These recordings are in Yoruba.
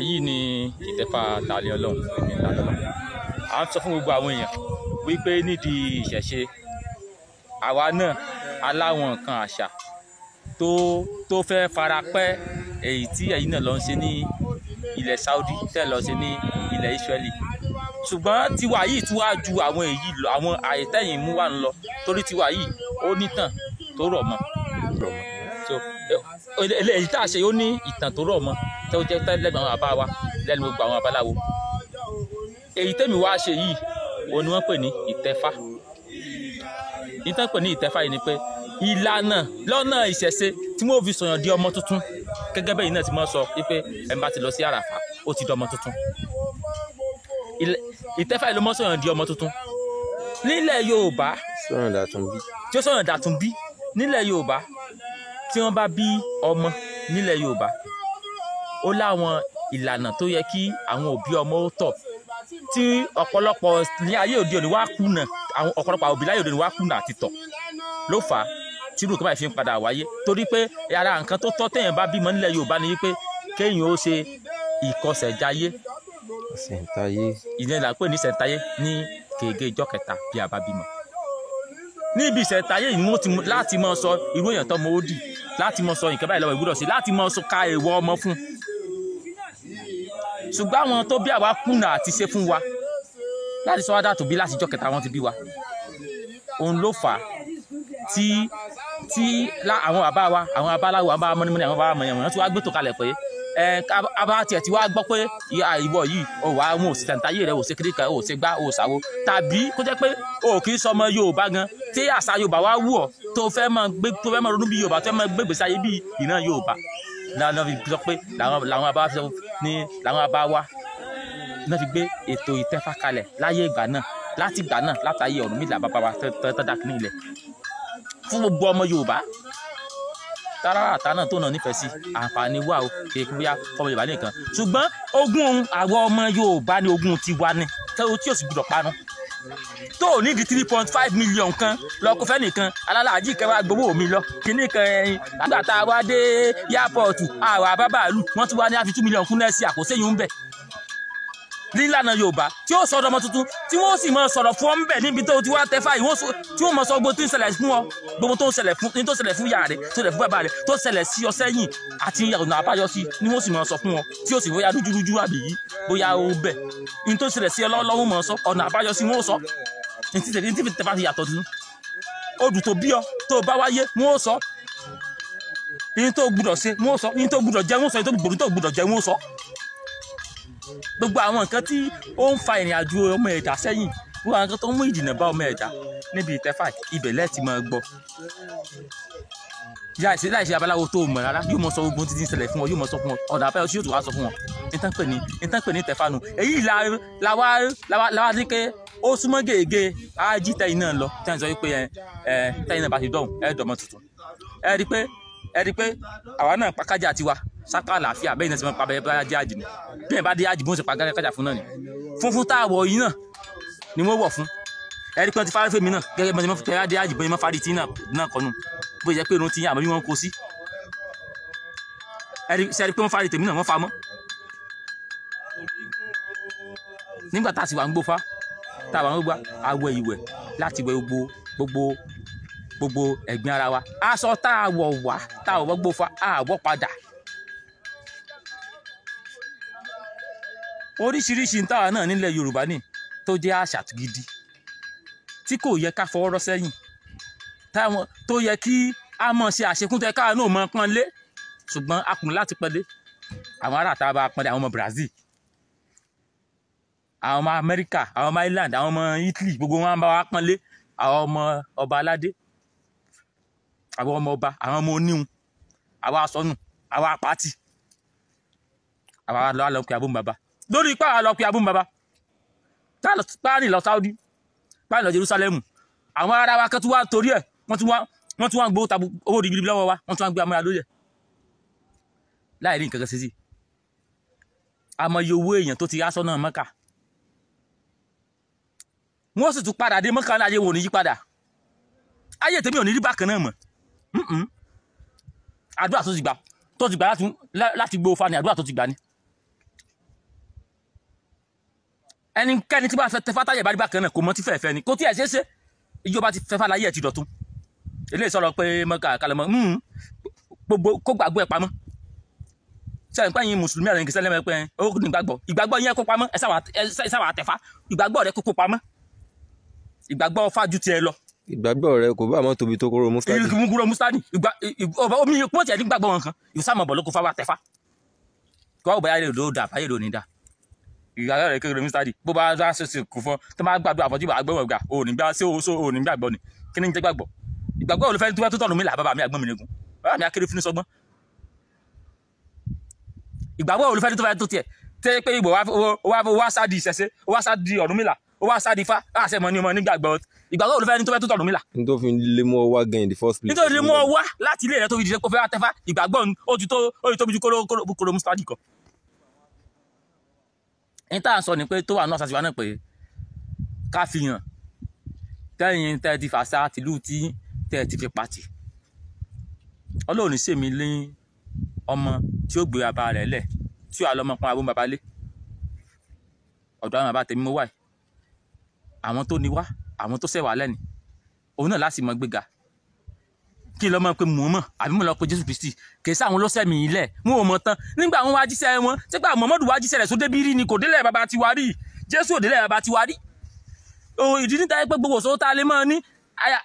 èyí ni ìtẹ́fà làlẹ́ ọlọ́run èmi à ń sọ fún gbogbo àwọn èèyàn wípé nídìí ìṣẹ̀ṣe àwa náà aláwọn nǹkan àṣà tó tó fẹ́ fara pẹ́ èyí tí ẹ̀yin náà lọ ń ṣe ní ilẹ̀ Saudi tẹ́ lọ ṣe ní ilẹ̀ Israeli ṣùgbọ́n tiwa yìí tí wàá ju àwọn èyí lọ àwọn àìtẹ́yìn mú wà ń lọ torí tiwa yìí ó nítàn tó rọ̀ mọ́ eléyìí tá a ṣe ó ní ìtàn tó rọ̀ mọ́ tó jẹ́ tán lẹ́gbẹ̀ẹ́ àwọn bàbá wa lẹ́nu gbogbo àwọn babaláwo èyí tèmi wá ṣe yìí òun ni wọ́n pè ní ìtẹ̀fá ìtàn pè ní ìtẹ̀fá yìí ni pé ìlànà lọ́nà ìṣẹ̀ṣe tí mo fi sọ̀yàn di ọmọ tuntun gẹ́gẹ́ bẹ́ẹ̀ náà ti mọ́ sọ pé ẹ̀ ń bá ti lọ sí àràfà ó ti di ọmọ tuntun ìtẹ́fà ló mọ́ sọ̀yàn di ọmọ tuntun nílẹ̀ Yorùbá tí ó sọ̀yàn dàtún bí nílẹ̀ Yorùbá tí wọ́n bá bí ọmọ nílẹ̀ Yorùbá ó láwọn ìlànà tó yẹ kí àwọn òbí ọmọ ó tọ̀ tí ọ̀pọ̀lọpọ̀ ní ayé òde òní wá kùnà àwọn ọ̀pọ̀lọpọ̀ òbí láyé òde òní wá kùnà àti tọ̀ ló fà á tí irú nǹkan báyìí fi ń padà wáyé torí pé ara nǹkan tó tọ́ téèyàn bá bímọ nílẹ̀ Yorùbá ni wípé kéèyàn ó ṣe ìkọsẹ̀jáyé ṣẹ̀ǹtáyé ìyẹn là ń pè ní ṣẹ̀ǹtáyé ní gègé ìjọ kẹta bí a bá bímọ níbi ìṣẹ̀ǹtáyé yìí láti mọ sọ irú èèyàn tó mọ ó dì láti mọ sọ nǹkan báyìí lọ́wọ́ ìgbúdọ̀ sí láti mọ sọ ka èèwọ̀ ọmọ fún un ṣùgbọ́n àwọn tó bí àwa kùnà àti ṣe fún wa láti sọ wá dàtò bí láti jọ kẹta wọn fi bí wa òun ló fà á tí tí àwọn bàbá wa àwọn abáláwo àwọn bàbá mọ́nímọ́ní àwọn bàbá mọ̀nyẹ̀wọ̀n wọn ti wá gbé tó kalẹ̀ pé ẹ abá tiẹ̀ ti wá gbọ́ pé ìwọ yìí ò wá wọn ò sì tàǹtàyè rẹ ò ṣe kékeré kan ò ṣe gbá ò ṣàwo tàbí kó jẹ́ pé ò kì í sọmọ Yorùbá gan tí àṣà Yorùbá wá wù ọ́ tó fẹ́ mọ ronú bí Yorùbá tó fẹ́ mọ gbégbèsè bí ìran Yorùbá náà fi sọ pé làwọn bàbá fi sọ ní làwọn bàbá wa náà fi gbé ètò ìtẹ̀fá kalẹ̀ láyé ìgbà náà láti ìgbà náà látàyè Ọ̀rúnmìlà bàbá wa tọ́tọ́dá kìíní ilẹ̀ fún gbogbo ọmọ Yorùbá táràtà náà tó náà nífẹ̀ẹ́ sí àǹfààní wà ó kéèkú bóyá ọmọ Yorùbá nìkan ṣùgbọ́n ogún àwọn ọmọ Yorùbá ni ogún tiwa ni tí ó sì gbọdọ̀ parun tó o ní di three point five million kan lọ kó fẹ́ nìkan alálàájì kan wá gbowó mi lọ kíní kan ẹyin àgbàtà wa dé airport àwà bábàálù wọ́n ti wá ní àfi two million kún náà sí àkóso yìí ń bẹ̀ nílànà yorùbá tí ó sọ̀rọ̀ ọmọ tuntun tí wọ́n sì mọ sọ̀rọ̀ fún ọ ń bẹ̀ níbi tó ti wá tẹ́fà yìí tí wọ́n mọ sọ gbogbo tó ń ṣẹlẹ̀ fún ọ gbogbo tó ń ṣẹlẹ̀ fún ní tó ṣẹlẹ̀ fún ìyá rẹ tó ṣẹlẹ̀ fún bàbá rẹ tó ṣẹlẹ̀ sí ọ sẹ́yìn àti ọ̀nà àbáyọ sí ni wọ́n sì mọ sọ fún ọ tí ó sì bóyá rújúrújú àbí yìí bóyá ó bẹ̀ ní tó ṣẹlẹ̀ sí ọlọ́wọ́ mọ sọ ọ̀nà àbáyọ sí wọ́n sọ ní tí tẹ́fà ti yàtọ̀ tuntun odù tó bí ọ tó bá wáyé wọ́n sọ ní tó gbúdọ̀ ṣe wọ́n sọ ní tó gbúdọ̀ jẹ wọ́n sọ gbogbo àwọn nǹkan tí ó ń fa ìrìn àjò ọmọ ẹ̀dá sẹ́yìn gbogbo àwọn nǹkan tó ń mú ìdìnnà bá ọmọ ẹ̀dá níbi ìtẹ́fà ibẹ̀ lẹ́ẹ̀tì máa gbọ́ láìsí láìsí abaláwo tó mọ̀ rárá yóò mọ sọ ogun títí ṣẹlẹ̀ fún ọ yóò mọ sọ fún ọ ọ̀dà abẹ́rẹ́ tí yóò tún wá sọ fún ọ nítan pè ní nítan pè ní tẹ̀fánu èyí làwa làwa ti ké ó súnmọ́ gègé ají tẹ́yìn náà lọ tẹ́yìn sọ pé ẹ tẹ́yìn náà bá ti dọ̀hùn ẹ dọ̀mọ́ tuntun ẹ rí i pé ẹ rí i pé àwa náà pàkájà tiwa sáká àlàáfíà bẹ́ẹ̀ ni ti máa pa bẹ́ẹ̀ bá dé àjì ni bẹ́ẹ̀ bá dé àjì bó ń ṣe pa gẹ́gẹ́ kájà fún náà ni funfun tá a wọ̀ yìí náà ni wọ́n wọ̀ fún ẹni kan ti fárí fèmí náà gẹ́gẹ́ bá ti máa dé àjì bó ti máa fárí tí náà kọ́nu bó jẹ́ pé irun ti yàn àmọ́ bí wọ́n kó sí ẹni pé wọ́n fárí tèmi náà wọ́n fa mọ́ nígbà tá a sì wà ń gbófa tá a wà ń gbófa awọ ìwẹ̀ láti wẹ̀ gbogbo gbogbo gbogbo ara wa aṣọ tá a wọ̀ wá tá a wọ̀ gbófa a wọ̀ padà oríṣiríṣi ń táwa náà nílẹ̀ yorùbá ni tó jẹ́ àṣà gidi tí kò yẹ ká fọwọ́ rọ́ sẹ́yìn táwọn tó yẹ kí a mọ̀ ṣe àṣekúntẹ káwa náà mọ̀ pọ́n lé ṣùgbọ́n a kùn láti pọ́n lé àwọn ará àtàwọn bá pọ́n lé àwọn ọmọ Brazil àwọn ọmọ Amẹ́ríkà àwọn ọmọ Ireland àwọn ọmọ Italy gbogbo wọn bá wa pọ́n lé àwọn ọmọ ọba aládé àwọn ọmọ ọba àwọn ọmọ oníhun àwa asọ́nù àwa apáàtì àwa lọ́wọ́ lọ́kùnrin abóhùn bàbá lórí ipá lọ pe abúmu baba páàní lọ Saudi páàní lọ Jerusalem àwọn ará wa kan tún wá torí ẹ wọ́n tún wá wọ́n tún wá owó ribiribi lọ́wọ́ wa wọ́n tún wá gbé amára lórí ẹ láì rí nǹkan kan sí àmọye owó èèyàn tó ti aṣọ náà mọ́kà wọ́n sì tún padà dé mọ́kà láyé wò ní yípadà ayé tèmi ò ní rí bákan náà mọ̀ àdúrà tó ti gbà tó ti gbà láti gbowó fani àdúrà tó ti gbà ni. ẹnikẹ́ni tí bá fẹ́ tẹ fátayẹ̀ bá rí bákan náà kò mọ tí fẹ́ fẹ́ ni kò tí ẹ̀ ṣeé ṣe ìjọba ti fẹ́ fàlàyé ẹ̀ ti dọ̀tun eléyìí sọ̀rọ̀ pé mọ́kà kalẹ̀ mọ́ hmm, gbogbo kó gbàgbọ́ ẹ̀ pamọ́ ṣe àyìnpá yín mùsùlùmí àrùn ìgbésẹ̀ lẹ́mọ̀ pé ó ní ìgbàgbọ́ ìgbàgbọ́ yín kó pamọ́ ẹ sáwà àtẹ̀fá ìgbàgbọ́ rẹ kó pamọ́ ìgbàgbọ́ fájú tiẹ̀ lọ. ìgbàgbọ́ rẹ kò bá àmọ́ tóbi tó kóró mustadi. ìgbàgbọ́ mustadi omi pọ́ọ̀tì ẹ̀ nígbàgbọ́ wọn kan ìsámọ̀bọ̀ ló kó fáwọn àtẹ̀fá kọ́ ọ̀bẹ̀ ayé ló dà ayé ló ní dà ìyá rẹ̀ kékeré mr d bó bá dá ṣèṣe kù fún tó máa gbàdúrà fún jíwà agbẹ́wọ̀n gbà ò ní gbà ṣé o so ò ní gbàgbọ́ ni kí ni jẹ́ gbàgbọ́ ìgbàgbọ́ ò ló fẹ́ tó fẹ́ tó tọ̀nù mí là bàbá mi àgbọ̀n mi nìkun bàbá mi akéré fún sọgbọ́n ìgbàgbọ́ ò ló fẹ́ tó fẹ́ tó tiẹ̀ tẹ́ pé ìbò wá sá di ìṣẹ̀ṣe wá sá di ọ̀run mi là ó wá sáà di fa láàṣẹ mọ ní ọmọ nígbàgbọ́ ìgbàgbọ́ olùfẹ́ ní tó fẹ́ tó tọ̀nù mí là. n tó fi lè mú ọ wá gan in the first place. nítorí lè mú ọ wá láti ilé rẹ tó fi dìde kó fẹ́ wá tẹ́fà ìgbàgbọ́ ó ti tóbi ju kóró kóró Mr. D kan ní tá à ń sọ ni pé tó wà náà sàṣìwá náà pé ká fi hàn tẹ́yìn tẹ́ ti fàṣà tìlú tí tẹ́ ti fi pàtì ọlọ́run ṣèmi lé ọmọ tí ó gbé bàbá rẹ̀ lẹ̀ tí wàá lọ́mọ pọn abó bàbá lé ọ̀dọ̀ àwọn bàbá tèmi mo wà yìí àwọn tó ní wá àwọn tó ṣẹ̀ wá lẹ́ni òun náà láti mọ gbéga kí n lọ mọ̀ pé mò ń mọ̀ àbí mo lọ pe jésù kristi kì í sáwọn ló sẹ̀mí ilẹ̀ wọn ò mọ̀ tán nígbà wọn wá jíṣẹ́ wọn sígbà mọ̀mọ́dù wá jíṣẹ́ rẹ̀ sódé bí rí ni kò délẹ̀ bàbá ti wá rí jésù ò délẹ̀ bàbá ti wá rí ìdí níta pé gbogbo sọ tá a lè mọ̀ ní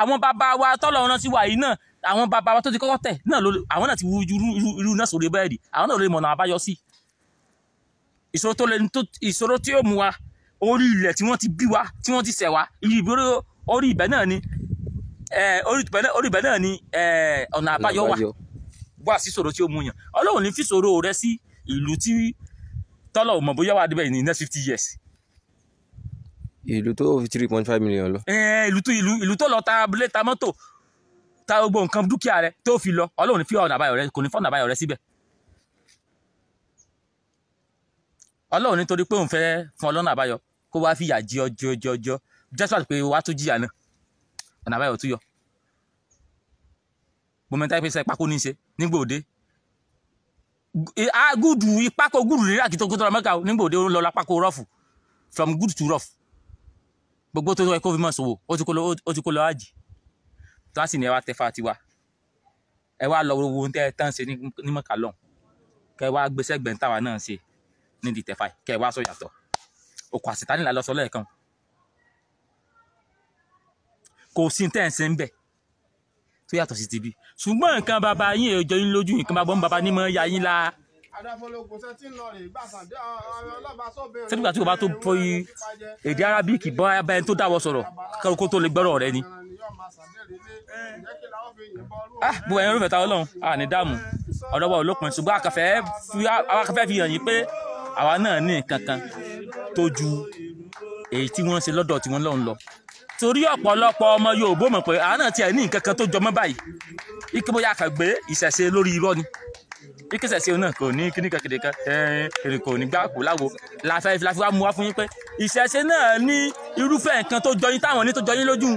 àwọn bàbá wa tọ́lọ̀ ọ̀ràn sí wa yìí náà àwọn bàbá wa tó ti kọ́kọ́ tẹ̀ náà àwọn náà ti wu irú náà sórí bẹ́ẹ̀dì àwọn náà lè mọ̀nà àbáyọ sí ìṣòro tí ó mú wa orí ilẹ̀ tí wọ́n ti bí wa tí wọ́n ti ṣẹ̀ wa orí ìbẹ̀ náà ni Eh, orí ìbẹ́ náà ni eh, ọ̀nà àbáyọ wà wà sí ṣòro tí ó mú yàn ọlọ́run ní fi ṣòro rẹ sí ìlú tí tọ́lọ̀ ò mọ̀ bóyá wà débẹ̀ ní next fifty years. ìlú tó fi three point five million lọ. Eh, ìlú tó ìlú ìlú tó lọ ta abúlé ta mọ́tò ta gbogbo nǹkan dúkìá rẹ tó fi lọ ọlọ́run ní fi ọ̀nà àbáyọ rẹ kò ní fọ́nà àbáyọ rẹ síbẹ̀. ọlọ́run nítorí pé òun fẹ́ fún ọlọ́run àbáyọ kó wá fìyà jẹ ọjọ́ ọjọ́ ọjọ́ jẹ́sọ̀ pé wàá tún jìyà náà ọ̀nà àbáyọ tó yọ gbọmọta ìpèsè ìpàkó ní í ṣe nígbà òde gúdù ìpàkó gúdù rírà kí tó kó tọrọ mẹ́ka nígbà òde ó lọ lápàkó rọ́ọ̀fù from good to rough gbogbo tó ẹ kó fi mọ̀ sòwò ó ti kó lọ àjì tó á sì ní ẹ wá tẹfà tiwa ẹ wá lọ wo ohun tẹ ẹ tán ṣe ní mọ̀ká lọ́hùn kẹ wá gbèsè gbẹ̀ntàwá náà ṣe ní di tẹfà kẹ wá sọ yàtọ̀ òkú àṣetánilá lọ sọ lẹ́ẹ̀kan kò sí tẹ́ ẹ̀ ń ṣe ń bẹ̀ tó yàtọ̀ sí ti bí ṣùgbọ́n nǹkan bàbá yín èjọ yín lójú nǹkan bàbá ń bàbá ní mọ́ ya yín la. sẹ́dúgbà tí o bá tó pọ̀ yìí èdè arábíkì bọ́ abẹ́ni tó dáwọ́ sọ̀rọ̀ kó tó lè gbọ́rọ̀ rẹ ni. Ah, bó ẹ̀yin olùfẹ́ ta ọlọ́run a ní dààmú ọ̀dọ́ wa olópin ṣùgbọ́n akafẹ́ fi hàn yín pé àwa náà ní nǹkan kan tó ju èyí tí wọ́n ń ṣe lọ́dọ̀ tí wọ́n lọ́hùn lọ torí ọ̀pọ̀lọpọ̀ ọmọ Yorùbá mọ̀ pé àwọn náà tiẹ̀ ní nǹkan kan tó jọmọ́ báyìí ike bóyá kàn gbé ìṣẹ̀ṣe lórí irọ́ ni ike ìṣẹ̀ṣe náà kò ní kíní kan kéde kan ẹ̀ẹ́n kò ní gbá kò láwo láfẹ́ láfi wá mu wá fún yín pé ìṣẹ̀ṣe náà ní irúfẹ́ nǹkan tó jọyín táwọn ní tó jọyín lójú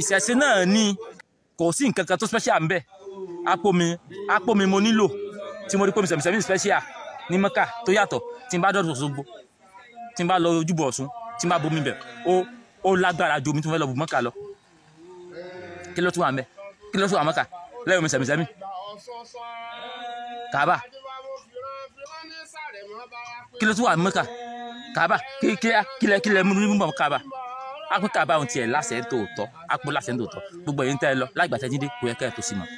ìṣẹ̀ṣe náà ní kò sí nǹkan kan tó special ńbẹ àpò mi àpò mi mo nílò tí mo rí pé mìsẹ̀mìsẹ̀mì special ní mẹ́kà ó lágbára ju omi tó fẹ́ lọ bù mọ́kà lọ kí ló tún wà ń bẹ kí ló tún wà mọ́kà lẹ́yìn omi sẹ̀mísẹ́mí kàbà kí ló tún wà mọ́kà kàbà kílẹ̀ kílẹ̀ mímú mọ́ kàbà akpé kàbà ohun tiẹ̀ lásẹ̀ ń tó tọ́ akpó lásẹ̀ ń tó tọ́ gbogbo èyí ń tẹ́ lọ láì gbàtẹ́ jíde kò yẹ kẹ́ ẹ̀ tó sí mọ́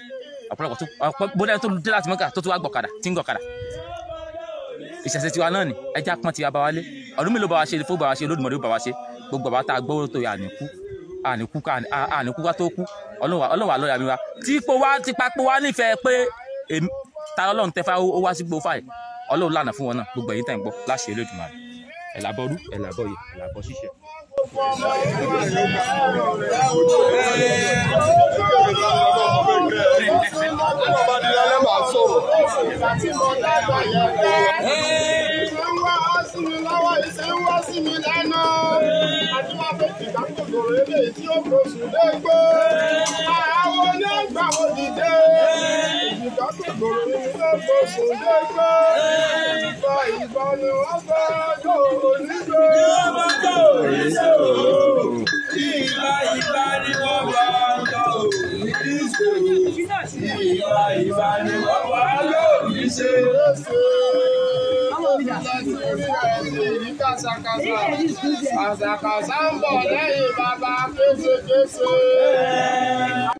ọ̀pọ̀lọpọ̀ tó bóyá tó dé láti mọ́kà tó tún wá gbọ̀kadà tí ń gbọ̀kadà ìṣẹ̀ṣẹ̀ tiwa náà ni ẹja pọ́n tiwa bá wa lé ọdún mélòó bá wa ṣe fó bá wa ṣe Olódùmarè bá wa ṣe gbogbo àbá tá a gbọ́ tó yà níkú àníkú àníkú ká tó kú ọlọ́run wà lọ́ọ̀yà mi wa tí pé wá pé wá nífẹ̀ẹ́ pé ta ọlọ́run tẹ́fà ó wá sí gbogbo fáyì ọlọ́run lànà fún wọn náà gbogbo ẹ̀yìn tẹ̀ ń gbọ́ láṣẹ Elédùmarè ẹ̀ làbọ̀rú ẹ̀ làbọ̀yè ẹ̀ làbọ̀ ṣíṣe. Hey! ìdákòkòrò eléyìí tí ó fòṣù légbó àwọn onígbàwò dìde ìdákòkòrò eléyìí tí ó fòṣù légbó ìgbà ìgbà ni wọ́n bá yóò onígbò. kàṣà àṣàkàṣà ń bọ̀ lẹ́yìn bàbá